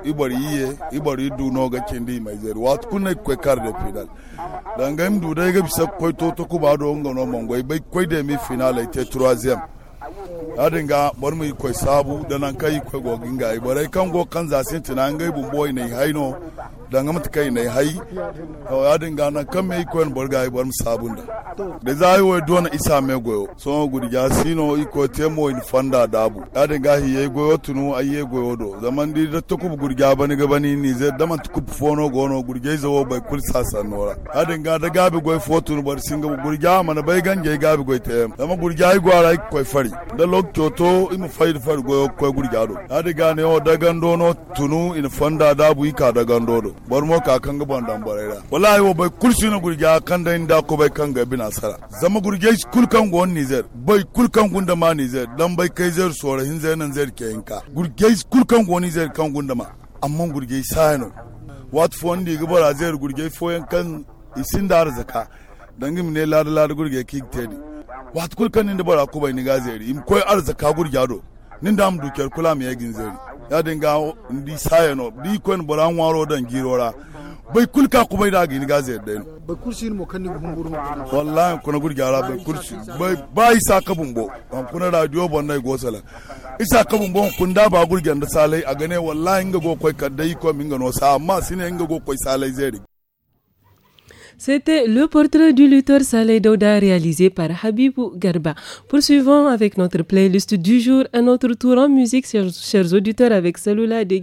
ibar iye ibar idu noga kendi mai zari wat kunai kwe kar da final danga im du dai ga bisa koi to to kuba do ngo no mongo bai koi da mi final ite troisième adinga bar mu koi sabu da nan kai koi goginga ibarai kan go kan zasin tinan ga bumboy ne haino danga mata kai ne hai to ya dinga na kan mai ikon borga ai borm sabunda da yi wo dona isa mai goyo so gudi ya sino iko temo in fanda dabu ya dinga hi ye goyo tunu a yi goyo do zaman di da tukub gurga bani ga bani ni zai dama tukub fono gono yi zawo bai kul sasa nora ya dinga da gabi goy fotunu bari singa gurga mana bai ganje gabi goy tem dama gurga yi gwara ko fari da in fai da fari goyo ko gurga do ya dinga ne o da gandono tunu in fanda dabu ka da gandodo bor mo ka kan ban dan barera wallahi wo bai kulsi na gurgiya kan da ko bai kan bina sara. zama gurgiya kul kan go nizer bai kul kan gunda ma nizer dan bai kai zer sore hin zer nan zer ke inka gurgiya kul kan go nizer kan gunda ma amma gurgiya sai wat fon di gbara zer gurgiya foyan kan isin da arzaka dan gimi ne lada lada gurgiya kik tedi wat kul kan inda bara ko bai ni gazeri im koy arzaka gurgiya do nindam du ker kula mi egin zeri ya dinga ndi no bi kwen bora nwaro dan girora bai kulka ku bai gini ga zai da bai kursi mo kan ni gumburu wallahi kuna gurgi ara bai kursi bai bai sa ka bumbo an kuna radio bonna go sala isa ka bumbo kun da ba gurgi da salai a gane wallahi inga go koi kadai ko minga no sa amma sine inga go koi salai zeri C'était le portrait du lutteur Saleh Douda réalisé par Habibou Garba. Poursuivons avec notre playlist du jour, un autre tour en musique, chers, auditeurs, avec Salula de des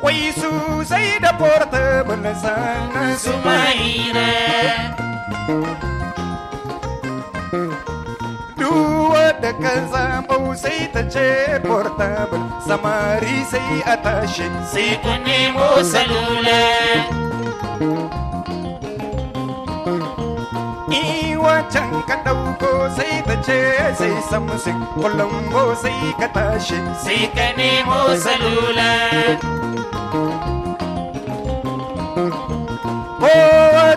Wai su sai da porta mana sannan su maire. Duwa da kan zama sai ta ce porta portable samari sai a tashi. Sai ku nemo salula. wancan ka ɗauko sai ta ce sai samsin kullum sai ka tashi sai ka nemo salula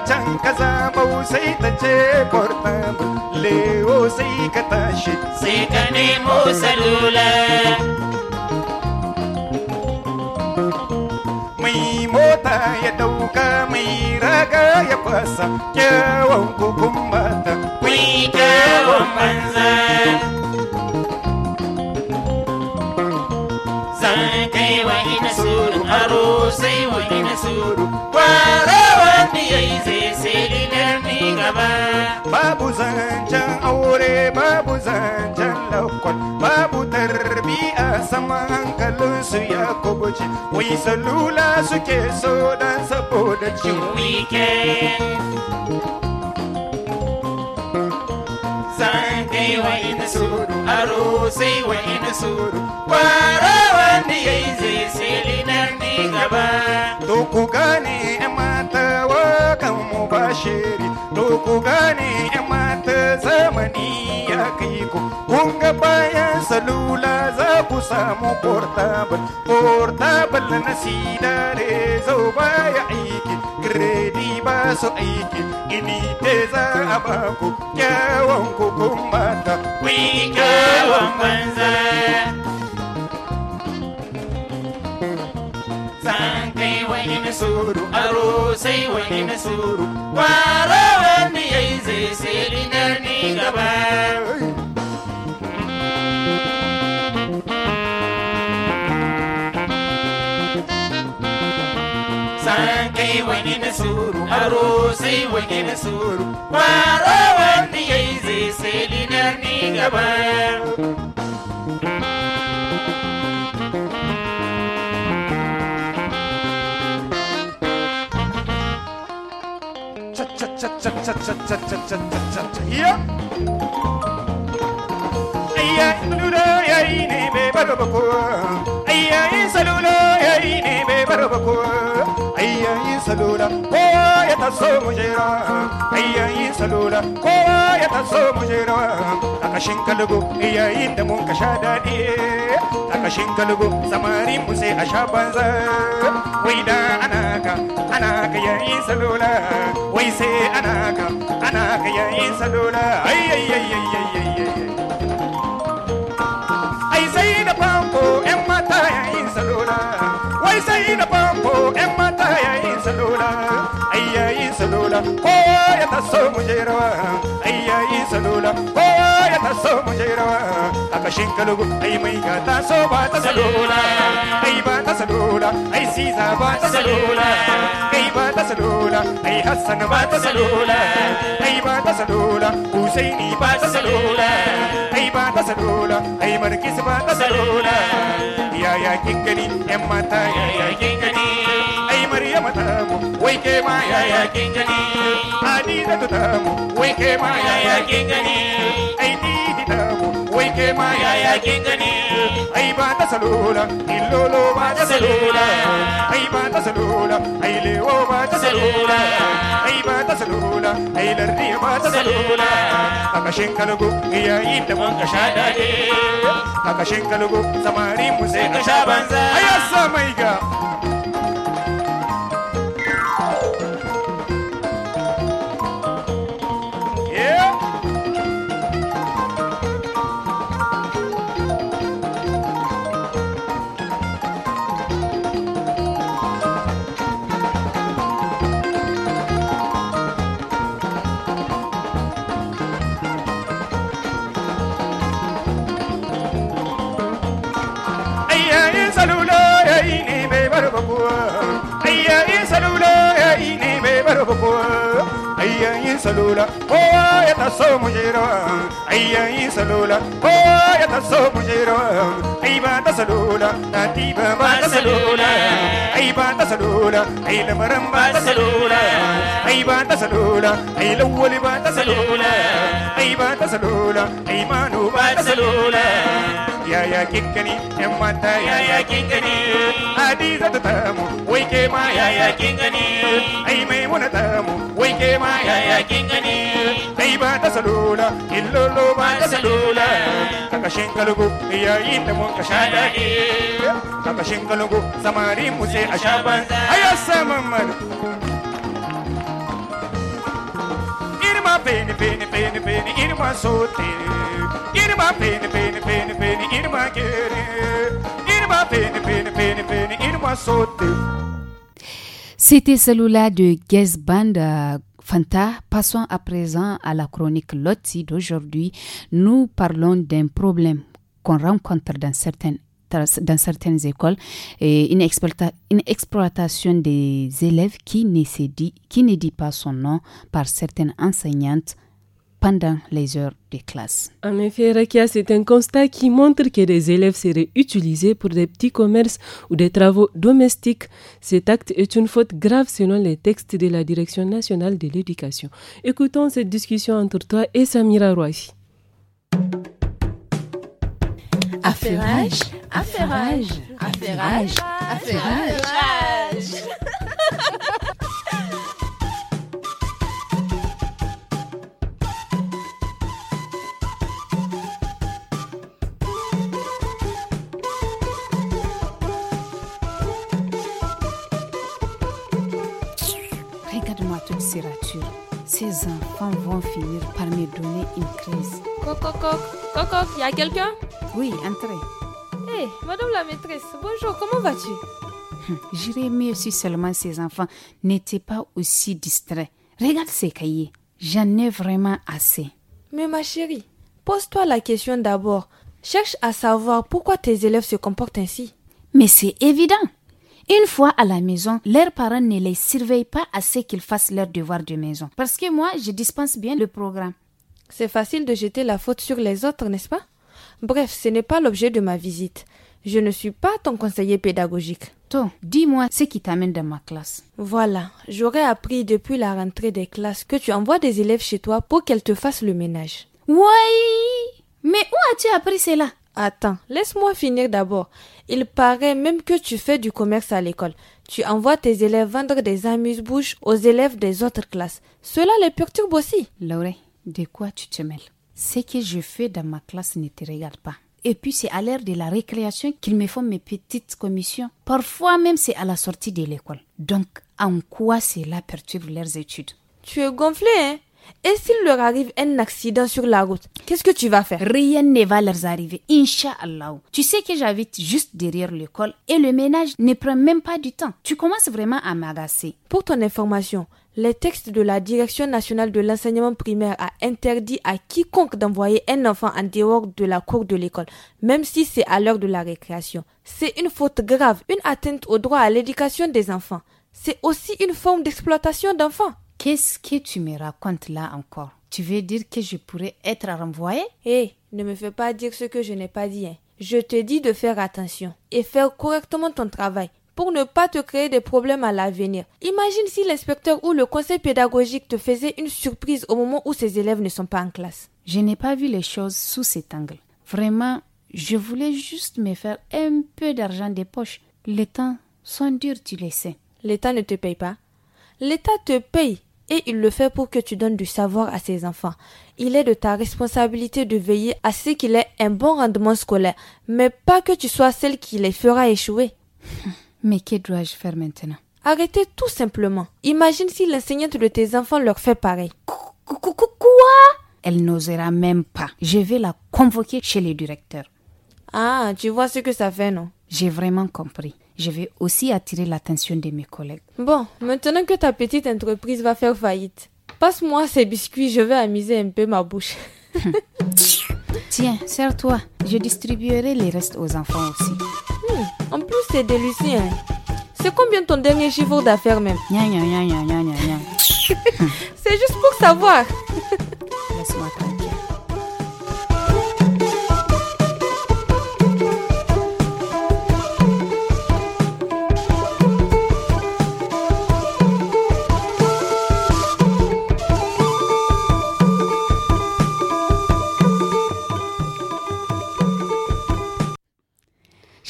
can kaza mau sai ta ce kwarta sai ka sai ka nemo salula mai mota ya dauka mai raga ya fasa kyawun kukun mata mai kyawun banza zan kai wa aro sai wani nasuru kwara wanda ya yi zai sai idan ni gaba babu zancen aure babu zancen lakwal babu tarbiya sama hankalin su ya kubuce wai salula suke so dan saboda cin weekend wa ina aro sai wa suru kwara wanda ya yi zai sai ni gaba to ku gane mata wa kan mu bashiri to ku gane mata zamani ya kai kun ga bayan salula za ku samu portable portable na sidare zau baya aiki masu aiki gini te za a ba ku kyawun ku kuma ta banza san kai wani nasuru aro sai wani nasuru wara wani yayi zai sai ni gaba مسورو أروسي وجي مسورو ورواني يزي سيدنا نيجبان Yeah. Aya nulo yaine be barobako. Aya salulo yaine be barobako. يتسلولا كوا يتصوم جيرا أيا يسلولا كوا يتصوم جيرا لكشين كلغو إيا يندمون كشاداني لكشين كلغو سماري مسي أشابانزا ويدا أناكا أناكا يا يسلولا ويسي أناكا أناكا يا يسلولا أي أي أي أي أي أي أي أي سيدة بانكو إما تايا يسلولا sai na famfo yan mata yayin salula ai yayin salula ko ya taso mu je rawa ai yayin salula ko ya taso mu je kalugu ai mai ga taso ba ta salula ai ba ta salula ai siza ba ta salula kai ba ta salula ai hassan ba ta salula ai ba ta salula husaini ba ta salula ai ba ta salula ai markis ba ta salula ya kinkari yan mata ya ya kinkari ai maryama mata mu wai ke ma ya ya kinkari adina ta mu wai ke ma ya ya kinkari ai di ta ke ma ya kin gani ai ba ta salula illolo ba ta salula ai ba ta salula ai lewo ba ta salula ai ba ta salula ai lardi ba ta salula a kashin kalgo yayin da mun ka sha dade aka kashin kalgo samari mu sai ka sha banza ai mai ga عيني ببربكو هيا يسلولا عيني ببربكو هيا يسلولا هو يتصو مجيرو هيا يسلولا هو يتصو مجيرو ايبا تسلولا تاتيبا ما تسلولا ايبا تسلولا اي لمرم ما تسلولا ايبا تسلولا اي الاول ما تسلولا ايبا تسلولا اي مانو ما تسلولا يا يا كيكني يا ماتا يا يا كيكني hadiza ta tamu wai ke ma yaya kin gani ai mai muna tamu wai ke ma yaya kin gani kai ba ta salula killolo ba ta salula kakashin kalgo yayin da mun ka sha daɗi kakashin kalgo samari mu sai a sha ban ayya saman mana irma pene pene pene pene irma sote irma pene pene pene pene irma kere C'était celui-là de Guest Band euh, Fanta. Passons à présent à la chronique Lotti d'aujourd'hui. Nous parlons d'un problème qu'on rencontre dans certaines dans certaines écoles et une, exploitation des élèves qui dit, qui ne dit pas son nom par certaines enseignantes pendant les heures de classe. En effet, Rakia, c'est un constat qui montre que les élèves seraient utilisés pour des petits commerces ou des travaux domestiques. Cet acte est une faute grave selon les textes de la Direction nationale de l'éducation. Écoutons cette discussion entre toi et Samira Rouafi. affairage, affairage, affairage. affairage. ces enfants vont finir par me donner une crise. Coq, coq, coq, y a quelqu'un Oui, entrez. Hé, madame la maîtresse, bonjour, comment vas-tu [laughs] J'irais mieux si seulement ces enfants n'étaient pas aussi distraits. Regarde ces cahiers, j'en ai vraiment assez. Mais ma chérie, pose-toi la question d'abord. Cherche à savoir pourquoi tes élèves se comportent ainsi. Mais c'est évident. Une fois à la maison, leurs parents ne les surveillent pas assez qu'ils fassent leurs devoirs de maison. Parce que moi, je dispense bien le programme. C'est facile de jeter la faute sur les autres, n'est-ce pas Bref, ce n'est pas l'objet de ma visite. Je ne suis pas ton conseiller pédagogique. Ton, dis-moi ce qui t'amène dans ma classe. Voilà, j'aurais appris depuis la rentrée des classes que tu envoies des élèves chez toi pour qu'elles te fassent le ménage. Oui Mais où as-tu appris cela Attends, laisse-moi finir d'abord. Il paraît même que tu fais du commerce à l'école. Tu envoies tes élèves vendre des amuse-bouches aux élèves des autres classes. Cela les perturbe aussi. Laure, de quoi tu te mêles Ce que je fais dans ma classe ne te regarde pas. Et puis c'est à l'heure de la récréation qu'ils me font mes petites commissions. Parfois même c'est à la sortie de l'école. Donc en quoi cela perturbe leurs études Tu es gonflé, hein et s'il leur arrive un accident sur la route, qu'est-ce que tu vas faire Rien ne va leur arriver, Inch'Allah. Tu sais que j'habite juste derrière l'école et le ménage ne prend même pas du temps. Tu commences vraiment à m'agacer. Pour ton information, les textes de la Direction nationale de l'enseignement primaire a interdit à quiconque d'envoyer un enfant en dehors de la cour de l'école, même si c'est à l'heure de la récréation. C'est une faute grave, une atteinte au droit à l'éducation des enfants. C'est aussi une forme d'exploitation d'enfants. Qu'est-ce que tu me racontes là encore Tu veux dire que je pourrais être renvoyé Hé, eh, ne me fais pas dire ce que je n'ai pas dit. Hein. Je te dis de faire attention et faire correctement ton travail pour ne pas te créer des problèmes à l'avenir. Imagine si l'inspecteur ou le conseil pédagogique te faisait une surprise au moment où ses élèves ne sont pas en classe. Je n'ai pas vu les choses sous cet angle. Vraiment, je voulais juste me faire un peu d'argent des poches. Les temps sont durs, tu le sais. L'État ne te paye pas. L'État te paye et il le fait pour que tu donnes du savoir à ses enfants. Il est de ta responsabilité de veiller à ce qu'il ait un bon rendement scolaire, mais pas que tu sois celle qui les fera échouer. [laughs] Mais que dois-je faire maintenant Arrêtez tout simplement. Imagine si l'enseignante de tes enfants leur fait pareil. Quoi Elle n'osera même pas. Je vais la convoquer chez le directeur. Ah, tu vois ce que ça fait, non J'ai vraiment compris je vais aussi attirer l'attention de mes collègues. Bon, maintenant que ta petite entreprise va faire faillite, passe-moi ces biscuits, je vais amuser un peu ma bouche. [laughs] Tiens, sers-toi, je distribuerai les restes aux enfants aussi. Hmm, en plus, c'est délicieux. Hein. C'est combien ton dernier chiffre d'affaires même [laughs] C'est juste pour savoir. Laisse-moi [laughs]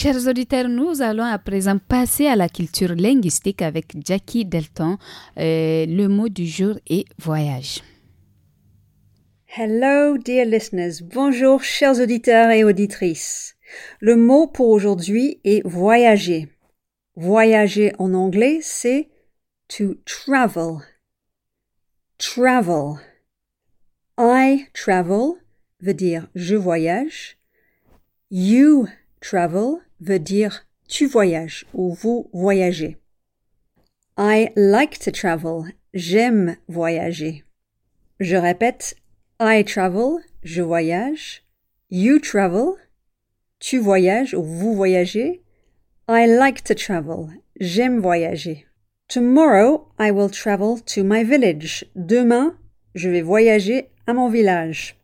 Chers auditeurs, nous allons à présent passer à la culture linguistique avec Jackie Delton. Euh, le mot du jour est voyage. Hello, dear listeners. Bonjour, chers auditeurs et auditrices. Le mot pour aujourd'hui est voyager. Voyager en anglais, c'est to travel. Travel. I travel veut dire je voyage. You travel veut dire tu voyages ou vous voyagez. I like to travel. J'aime voyager. Je répète, I travel, je voyage. You travel, tu voyages ou vous voyagez. I like to travel. J'aime voyager. Tomorrow, I will travel to my village. Demain, je vais voyager à mon village.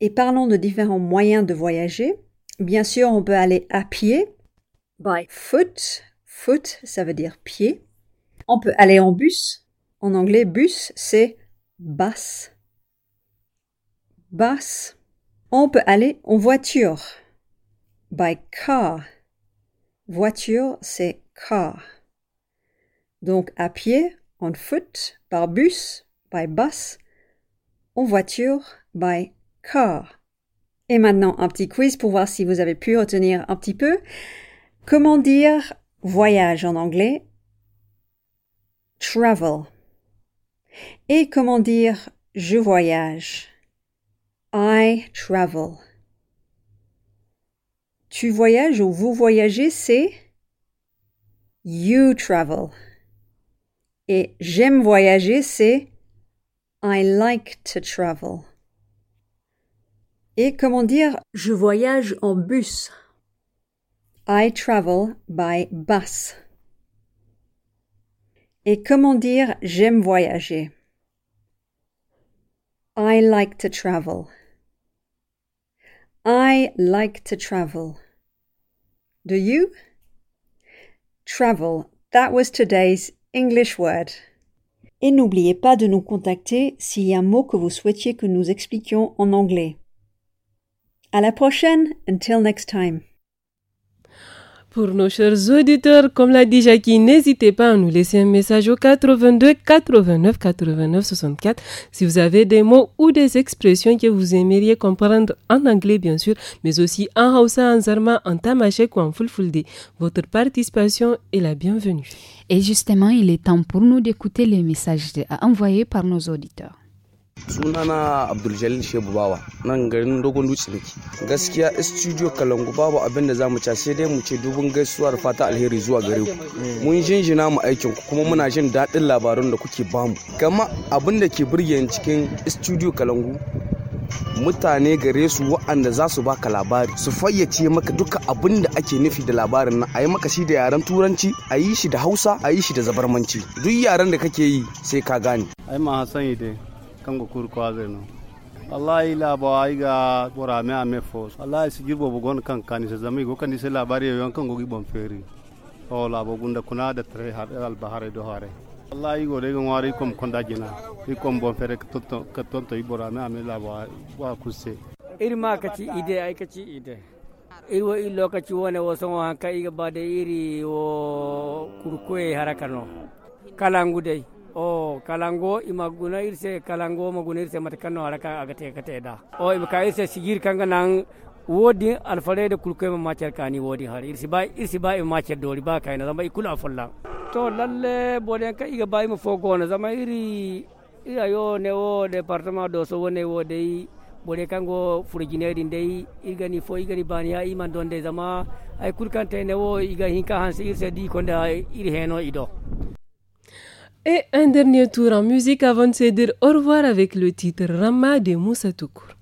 Et parlons de différents moyens de voyager. Bien sûr, on peut aller à pied. By foot. Foot, ça veut dire pied. On peut aller en bus. En anglais, bus, c'est bus. Bus. On peut aller en voiture. By car. Voiture, c'est car. Donc à pied, on foot, par bus, by bus, en voiture, by car. Et maintenant, un petit quiz pour voir si vous avez pu retenir un petit peu. Comment dire voyage en anglais? Travel. Et comment dire je voyage? I travel. Tu voyages ou vous voyagez, c'est You travel. Et j'aime voyager, c'est I like to travel. Et comment dire Je voyage en bus. I travel by bus. Et comment dire j'aime voyager I like to travel. I like to travel. Do you? Travel. That was today's English word. Et n'oubliez pas de nous contacter s'il y a un mot que vous souhaitiez que nous expliquions en anglais. À la prochaine. Until next time. Pour nos chers auditeurs, comme l'a dit Jackie, n'hésitez pas à nous laisser un message au 82 89 89 64 si vous avez des mots ou des expressions que vous aimeriez comprendre en anglais bien sûr, mais aussi en Hausa, en Zarma, en Tamashek ou en Fulfulde. Votre participation est la bienvenue. Et justement, il est temps pour nous d'écouter les messages envoyés par nos auditeurs. sunana abdulljalil shebu bawa nan garin dogon dutse nake gaskiya studio kalangu babu abin da za mu ci sai dai mu ce gaisuwa gaisuwar fata alheri zuwa gare ku mun jinjina mu aikin ku kuma muna jin daɗin labarun da kuke bamu kama abin da ke burge cikin studio kalangu mutane gare su wa'anda za su baka labari su fayyace maka duka abin da ake nufi da labarin nan a yi maka shi da yaren turanci a yi shi da hausa a yi shi da zabarmanci duk yaren da kake yi sai ka gane ai ma hasani dai kango kuri ko azeno wallahi labawa ga bora me ame fo wallahi si jirbo bo gon kan kan se zamigo kan se labari yon kan go gi bon feri o labo gunda kuna da tre har al bahare do hare wallahi go de gon wari kom konda jina i kom bon fere ka tonto ka tonto i bora me ame labawa wa kusse ma kaci ide ai kaci ide wo i lokaci wone wo songo kai iga bade iri wo kurkoe harakano kalangu dai o kalango ima guna irse kalango ma guna irse mata kanno ara ka agate kate da o ima ka irse sigir kanga nan wodi alfarede kulkoy ma matiere kani wodi har irsi ba irsi ba ima matiere dori ba kayna zama ikula afolla to lalle boden ka iga ba ima fogona zama iri iya yo ne wo département do so wone wo dei bode kango furjineri dei igani fo igani bani ya iman donde zama ay kulkante ne wo iga hinka hansi irse di konda iri heno ido Et un dernier tour en musique avant de se dire au revoir avec le titre Rama de Moussa Tukur.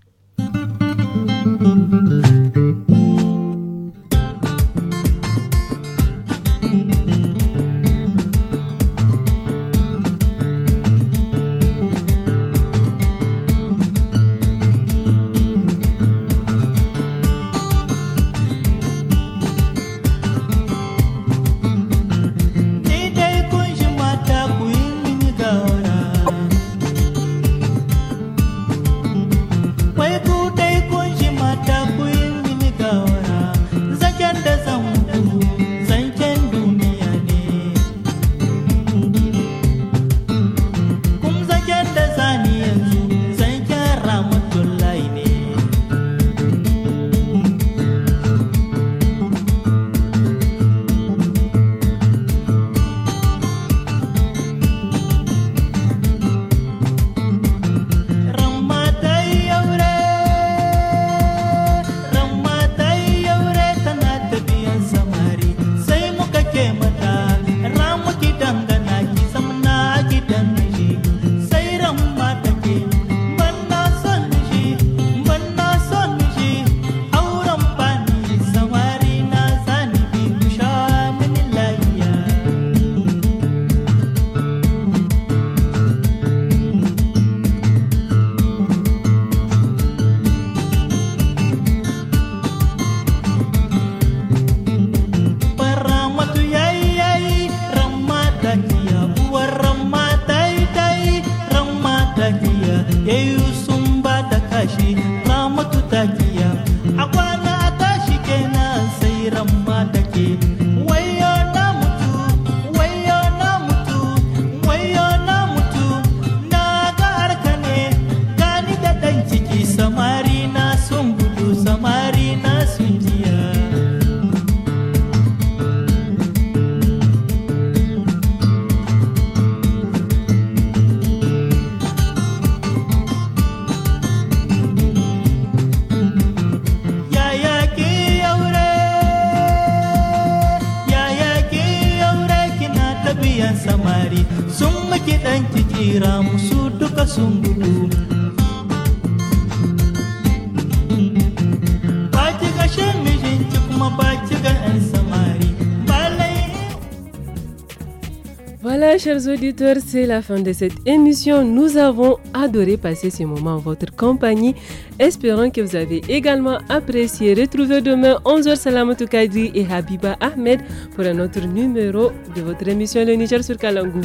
auditeurs, c'est la fin de cette émission. Nous avons adoré passer ce moment en votre compagnie. Espérons que vous avez également apprécié. Retrouvez demain 11h Salamatou Kadri et Habiba Ahmed pour un autre numéro de votre émission Le Niger sur Kalangou.